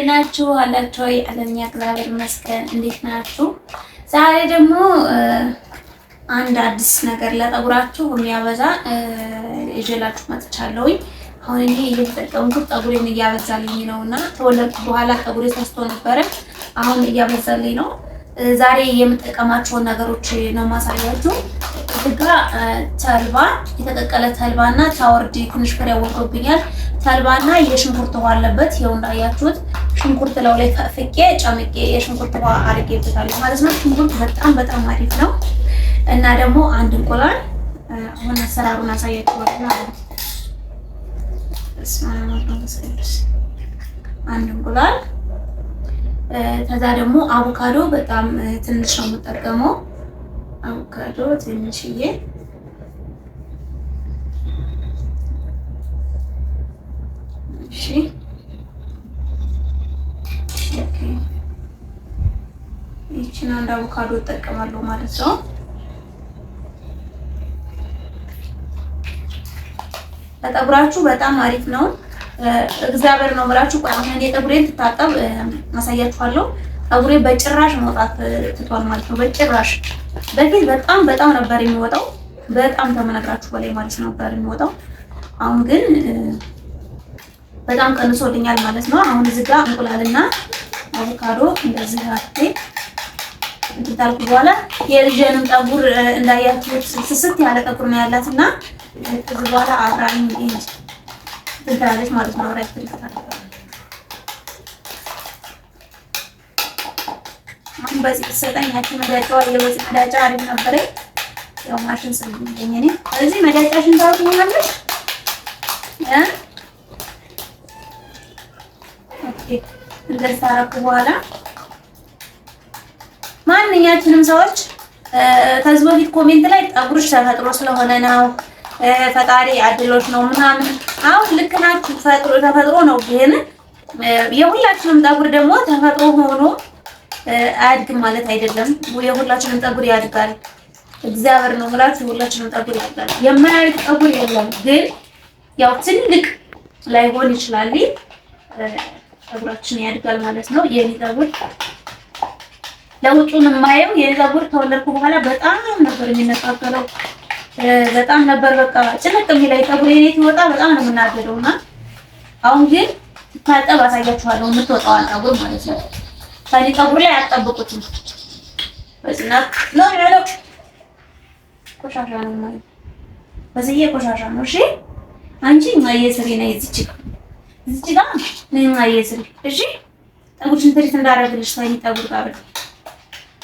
እንዴት ናችሁ አላችሁ ወይ? አለኛ እግዚአብሔር ይመስገን። እንዴት ናችሁ? ዛሬ ደግሞ አንድ አዲስ ነገር ለጠጉራችሁ የሚያበዛ ይዤላችሁ መጥቻለሁኝ። አሁን እኔ እየተጠቀምኩት ጠጉሬን እያበዛልኝ ነው እና ተወለድኩ በኋላ ጠጉሬ ተስቶ ነበረ። አሁን እያበዛልኝ ነው። ዛሬ የምጠቀማቸውን ነገሮች ነው ማሳያችሁ። እዚጋ ተልባ፣ የተቀቀለ ተልባ እና ታወርድ ትንሽ ፍሬ ተልባና የሽንኩርት ውሃ አለበት። ይኸው እንዳያችሁት ሽንኩርት ለው ላይ ፈቅፌ ጨምቄ የሽንኩርት ውሃ አድርጌበታለሁ ማለት ነው። ሽንኩርት በጣም በጣም አሪፍ ነው እና ደግሞ አንድ እንቁላል አሁን አሰራሩን አሳያችኋለሁ ማለት ነው። አንድ እንቁላል ከዛ ደግሞ አቮካዶ በጣም ትንሽ ነው የምጠቀመው አቮካዶ ትንሽዬ እና እንደ አቮካዶ እጠቀማለሁ ማለት ነው። ለጠጉራችሁ በጣም አሪፍ ነው። እግዚአብሔር ነው ብላችሁ ቆይ፣ አሁን የጠጉሬን ትታጠብ አሳያችኋለሁ። ጠጉሬ በጭራሽ መውጣት ትቷል ማለት ነው። በጭራሽ በፊት በጣም በጣም ነበር የሚወጣው፣ በጣም ከመነግራችሁ በላይ ማለት ነበር የሚወጣው። አሁን ግን በጣም ቀንሶልኛል ማለት ነው። አሁን እዚህ ጋር እንቁላልና አቮካዶ እንደዚህ አድርጌ እንትን ታልኩ በኋላ የልጅንም ጠጉር እንዳያችሁት ስስት ያለ ጠጉር ነው ያላት እና ከዚህ በኋላ አብራኝ እንጂ ትላለች ማለት ነው። አብራኝ ትላለች። አሁን በዚህ ተሰጠኝ ያቺ መዳጫዋ የወጥ መዳጫ አሪፍ ነበረ። ያው ማሽን ስለሚገኝ እኔ እዚህ መዳጫሽን ታውቁ ማለት እ ኦኬ እንደዚህ ታረኩ በኋላ ማንኛችንም ሰዎች ከዚህ በፊት ኮሜንት ላይ ጠጉርሽ ተፈጥሮ ስለሆነ ነው ፈጣሪ አድሎች ነው ምናምን። አሁን ልክ ናችሁ፣ ተፈጥሮ ነው። ግን የሁላችንም ጠጉር ደግሞ ተፈጥሮ ሆኖ አያድግም ማለት አይደለም። የሁላችንም ጠጉር ያድጋል። እግዚአብሔር ነው ብላችሁ የሁላችንም ጠጉር ያድጋል። የማያድግ ጠጉር የለም። ግን ያው ትልቅ ላይሆን ይችላል፣ ጠጉራችን ያድጋል ማለት ነው። የኔ ጠጉር ለውጡን የማየው የዛጉር ተወለድኩ በኋላ በጣም ነበር የሚነቃቀለው። በጣም ነበር በቃ ጭንቅ የሚለኝ ፀጉሬ እኔ ትወጣ በጣም ነው የምናደደው። እና አሁን ግን ታጠብ አሳያችኋለሁ። የምትወጣዋን ፀጉር ማለት ነው። ከኔ ፀጉር ላይ አትጠብቁትም። በጽናት ነው ያለው። ቆሻሻ ነው ማለት በዚህ ቆሻሻ ነው። እሺ አንቺ ማየ ስሪ ነው እዚች እዚች ጋር ነው ስሪ። እሺ ፀጉርሽን ትሪት እንዳደረግልሽ ታይኝ ፀጉር ጋር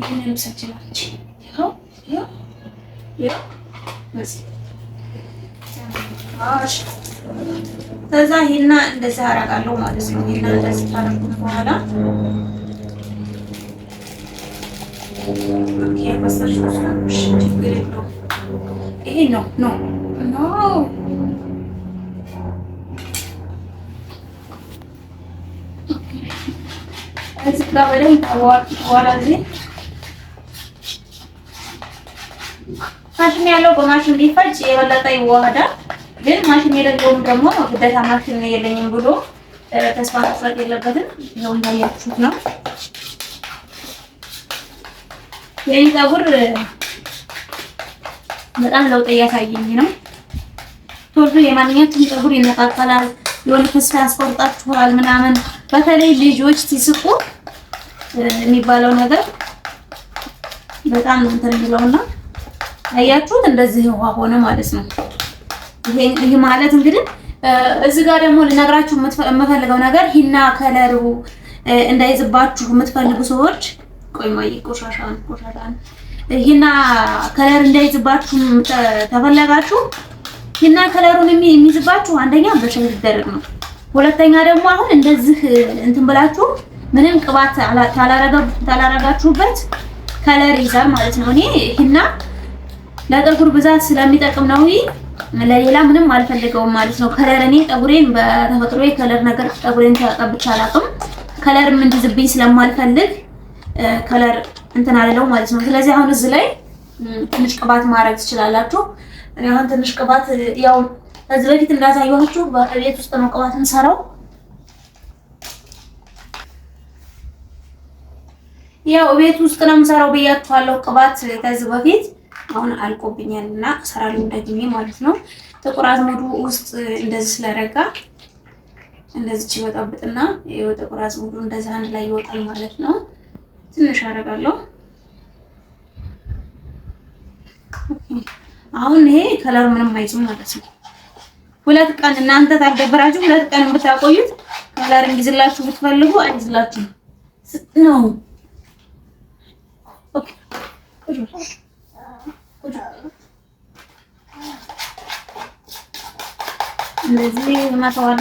ይህንን ውሰጅላለች። ይኸው ከዛ ይሄና እንደዚህ አደርጋለሁ ማለት ነው። ይሄና እንደዚህ ታደርጉት በኋላ ይሄ ነው ኖ ኖ እዚህ ጋር በደንብ በኋላ ማሽን ያለው በማሽን ቢፈጭ የበለጠ ይዋሃዳል። ግን ማሽን የሌለውም ደግሞ ግዴታ ማሽን የለኝም ብሎ ተስፋ መቁረጥ የለበትም። ይኸው እንዳያችሁት ነው። የኔ ፀጉር በጣም ለውጥ እያሳየኝ ነው። ቶሎ የማንኛቱም ፀጉር ይነቃቀላል። የሆነ ተስፋ ያስቆርጣችኋል ምናምን በተለይ ልጆች ሲስቁ የሚባለው ነገር በጣም እንትን የሚለውና አያችሁት? እንደዚህ ውሃ ሆነ ማለት ነው። ይሄ ማለት እንግዲህ እዚህ ጋር ደግሞ ልነግራችሁ የምፈልገው ነገር ሂና ከለሩ እንዳይዝባችሁ የምትፈልጉ ሰዎች ቆይ ቆሻሻን ቆሻሻን ሂና ከለር እንዳይዝባችሁ ተፈለጋችሁ ሂና ከለሩን የሚይዝባችሁ አንደኛ በሻይ ሲደረግ ነው። ሁለተኛ ደግሞ አሁን እንደዚህ እንትን ብላችሁ ምንም ቅባት ታላረጋችሁበት ከለር ይዛል ማለት ነው። እኔ ሂና ለጠጉር ብዛት ስለሚጠቅም ነው። ለሌላ ምንም አልፈልገውም ማለት ነው። ከለር እኔ ጠጉሬን በተፈጥሮ ከለር ነገር ጠጉሬን ተቀብቼ አላውቅም። ከለርም እንዲዝብኝ ስለማልፈልግ ከለር እንትን አለው ማለት ነው። ስለዚህ አሁን እዚህ ላይ ትንሽ ቅባት ማድረግ ትችላላችሁ። አሁን ትንሽ ቅባት ያው ከዚህ በፊት እንዳሳየኋችሁ በቤት ውስጥ ነው ቅባት እንሰራው። ያው ቤት ውስጥ ነው የምሰራው ብያችኋለሁ ቅባት ከዚህ በፊት አሁን አልቆብኛል እና እሰራለሁ ደግሜ ማለት ነው። ጥቁር አዝሙዱ ውስጥ እንደዚህ ስለረጋ እንደዚች ይወጣብጥና ጥቁር አዝሙዱ እንደዚህ አንድ ላይ ይወጣል ማለት ነው። ትንሽ አረጋለሁ። አሁን ይሄ ከለር ምንም አይዝም ማለት ነው። ሁለት ቀን እናንተ ታልደበራችሁ ሁለት ቀን ብታቆዩት ከለር እንዲዝላችሁ ብትፈልጉ አይዝላችሁ ነው። ኦኬ እንደዚህ አሁን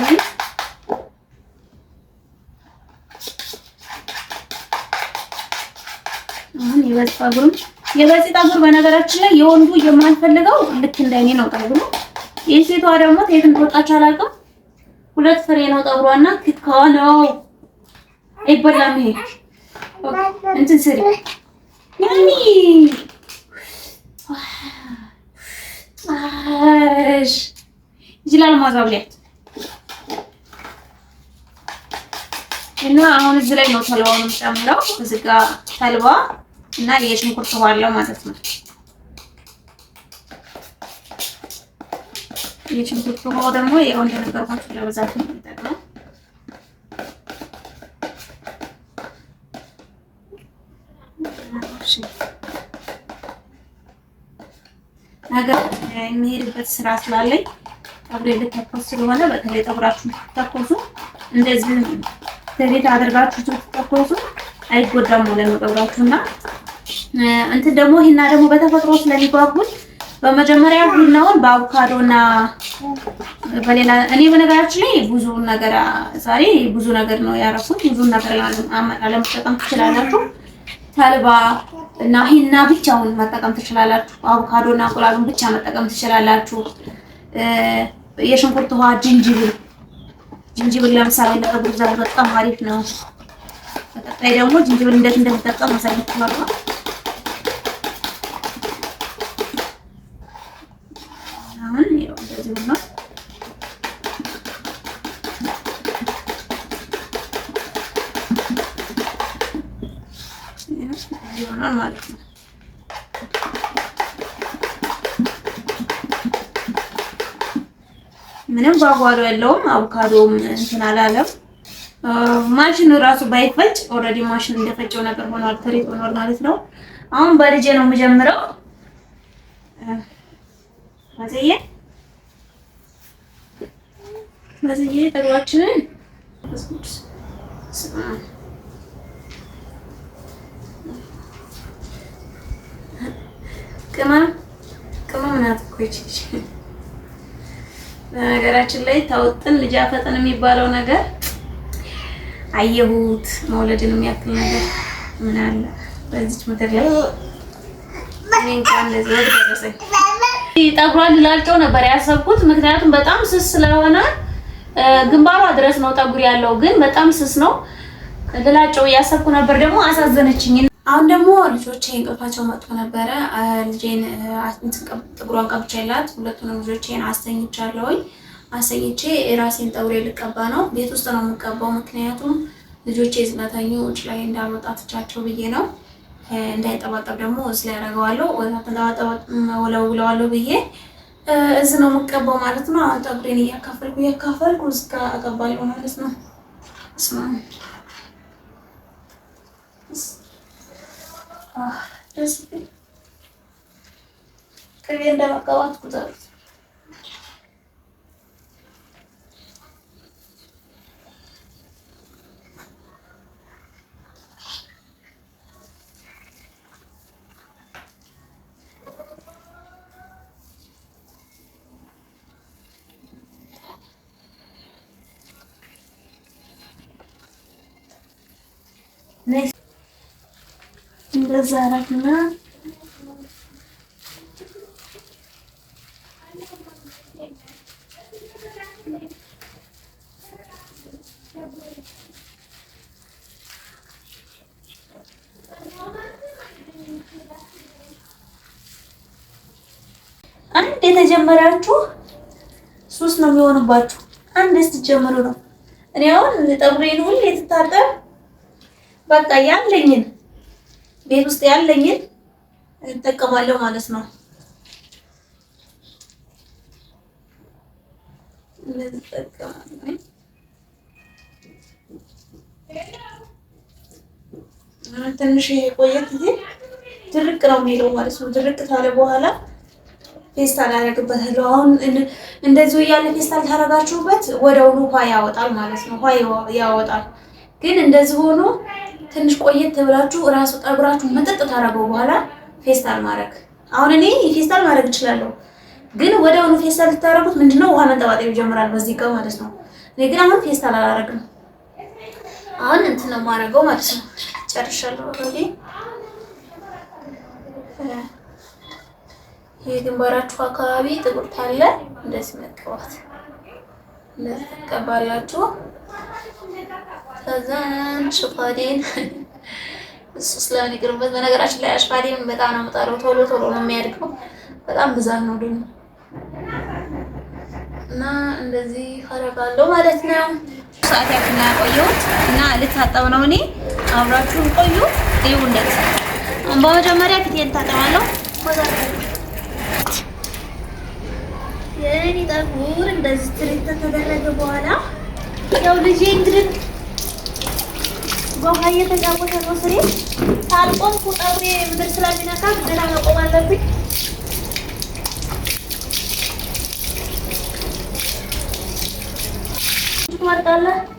የበዚህ ጠጉርም የበዚህ ጠጉር በነገራችን ላይ የወንዱ የማንፈልገው ልክ እንደኔ ነው ጠጉሩ። የሴቷ ደግሞ የት እንደወጣች አላውቅም። ሁለት ፍሬ ነው ጠጉሯና ክትካዋ ነው አይበላም። ይሄ እንትን ስሪ ይችላል ማዛብሊያት እና አሁን እዚህ ላይ ነው ተልባውን የምጨምረው። እዚህ ጋር ተልባ እና የሽንኩርት ውሃ አለው ማለት ነው። የሽንኩርት ውሃው ደግሞ ያው እንደነገርኳችሁ ለበዛት ነው የሚጠቅመው ነገ የሚሄድበት ስራ ስላለኝ ጠጉሬ ልተኮስ ስለሆነ በተለይ ጠጉራችሁ ትተኮሱ እንደዚህ ትሪት አድርጋችሁ ትተኮሱ አይጎዳም ማለት ነው ጠጉራችሁና እንትን ደግሞ ይህና ደግሞ በተፈጥሮ ስለሚጓጉል በመጀመሪያ ቡናውን በአቮካዶና በሌላ እኔ በነገራችን ላይ ብዙ ነገር ዛሬ ብዙ ነገር ነው ያረኩት። ብዙ ነገር አለመጠቀም ትችላላችሁ። ተልባ እና ሂና ብቻውን መጠቀም ትችላላችሁ። እና እንቁላሉን ብቻ መጠቀም ትችላላችሁ። የሽንኩርት ውሃ፣ ጅንጅብል ጅንጅብል ለምሳሌ ለፀጉር ብዛት በጣም አሪፍ ነው። በቀጣይ ደግሞ ጅንጅብል እንዴት እንደሚጠቀም አሳያችኋለሁ። ይሆናል ማለት ነው። ምንም ጓጓዶ ያለውም አቮካዶም እንትን አላለም። ማሽኑ ራሱ ባይፈጭ ኦልሬዲ ማሽን እንደፈጨው ነገር ሆኗል፣ ትሪት ሆኗል ማለት ነው። አሁን በልጄ ነው የምጀምረው። ማዘየ ማዘየ ጥሯችንን ቅመም ቅመም ናት እኮ ይቺ በነገራችን ላይ ታውጥን ልጅ አፈጥን የሚባለው ነገር አየሁት። መውለድን የሚያክል ነገር ምን አለ በዚች ምድር ላይ? እኔ እንኳን እንደዚህ ወደ ደረሰኝ ጠጉሯን ልላልጨው ነበር ያሰብኩት፣ ምክንያቱም በጣም ስስ ስለሆነ ግንባሯ ድረስ ነው ጠጉር ያለው፣ ግን በጣም ስስ ነው። ልላጨው እያሰብኩ ነበር፣ ደግሞ አሳዘነችኝ። አሁን ደግሞ ልጆቼ እንቅልፋቸው መጥቶ ነበረ። ልጄን ጥጉሯን ቀብቼላት ሁለቱንም ልጆቼን አስተኝቻለሁኝ። አስተኝቼ የራሴን ጠጉሬ ልቀባ ነው። ቤት ውስጥ ነው የምቀባው፣ ምክንያቱም ልጆቼ ዝነተኙ ውጭ ላይ እንዳልወጣ ትቻቸው ብዬ ነው። እንዳይጠባጠብ ደግሞ እዚ ላይ ያደረገዋለሁ ወለውለዋለሁ ብዬ እዚ ነው የምቀባው ማለት ነው። አሁን ጠጉሬን እያካፈልኩ እያካፈልኩ እዚጋ አቀባለሁ ማለት ነው። ደስ ይበል። ቅቤ እንደመቀባት ቁጠሩት። እንደዛ አረግና አንድ የተጀመራችሁ ሶስት ነው የሚሆንባችሁ። አንድ ስትጀምሩ ነው። እኔ አሁን ጠጉሬን ሁሌ ትታጠብ በቃ ያለኝን ቤት ውስጥ ያለኝን እጠቀማለሁ ማለት ነው። ትንሽ የቆየ ጊዜ ድርቅ ነው የሚለው ማለት ነው። ድርቅ ካለ በኋላ ፌስታል አደርግበታለሁ። አሁን እንደዚሁ እያለ ፌስታል ታደርጋችሁበት ወደ ውኑ ውሃ ያወጣል ማለት ነው። ውሃ ያወጣል ግን እንደዚህ ሆኖ ትንሽ ቆየት ብላችሁ እራሱ ጠጉራችሁ መጠጥ ታደርገው በኋላ ፌስታል ማድረግ። አሁን እኔ ፌስታል ማድረግ እችላለሁ፣ ግን ወደ ወዲያውኑ ፌስታል ልታረጉት ምንድነው ውሃ መንጠባጠብ ይጀምራል፣ በዚህ ጋር ማለት ነው። እኔ ግን አሁን ፌስታል አላረግም። አሁን እንትን ነው የማደርገው ማለት ነው። ጨርሻለሁ። የግንባራችሁ አካባቢ ጥቁር ካለ እንደዚህ መቀባት እንደዚህ ትቀባላችሁ። ከዛን ሽፋዴን እሱ ስለሚቅርበት በነገራችን ላይ አሽፋዴን በጣም ነው የምጠለው። ቶሎ ቶሎ ነው የሚያድገው። በጣም ብዛት ነው ደግሞ እና እንደዚህ አደርጋለሁ ማለት ነው። ሰዓት ያክል ያቆየሁት እና ልታጠብ ነው እኔ። አብራችሁን ቆዩ። ይኸው እንደዚህ በመጀመሪያ ፊቴን ታጠባለሁ። የእኔ ጠጉር እንደዚህ ትሪት ከተደረገ በኋላ Ya udah jendrit. Gong aja tadi aku sama Sri. Talpon pun kami berselam binatang dan anak oman lebih. Cuma Allah.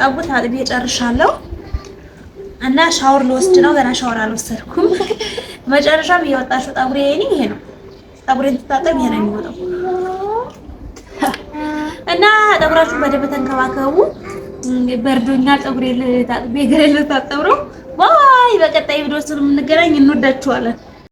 ጠቡት አጥቤ ጨርሻለሁ እና ሻወር ልወስድ ነው። ገና ሻወር አልወሰድኩም። መጨረሻም እየወጣሽው ጠጉሬ የኔ ይሄ ነው። ጠጉሬን ትታጠብ ይሄ ነው የሚወጣው። እና ጠጉራችሁን በደንብ ተንከባከቡ። በርዶኛ ጠጉሬ ልታጥቤ ገሬ ልታጠብ ነው። ዋይ! በቀጣይ ቪዲዮ ስለምንገናኝ እንወዳችኋለን።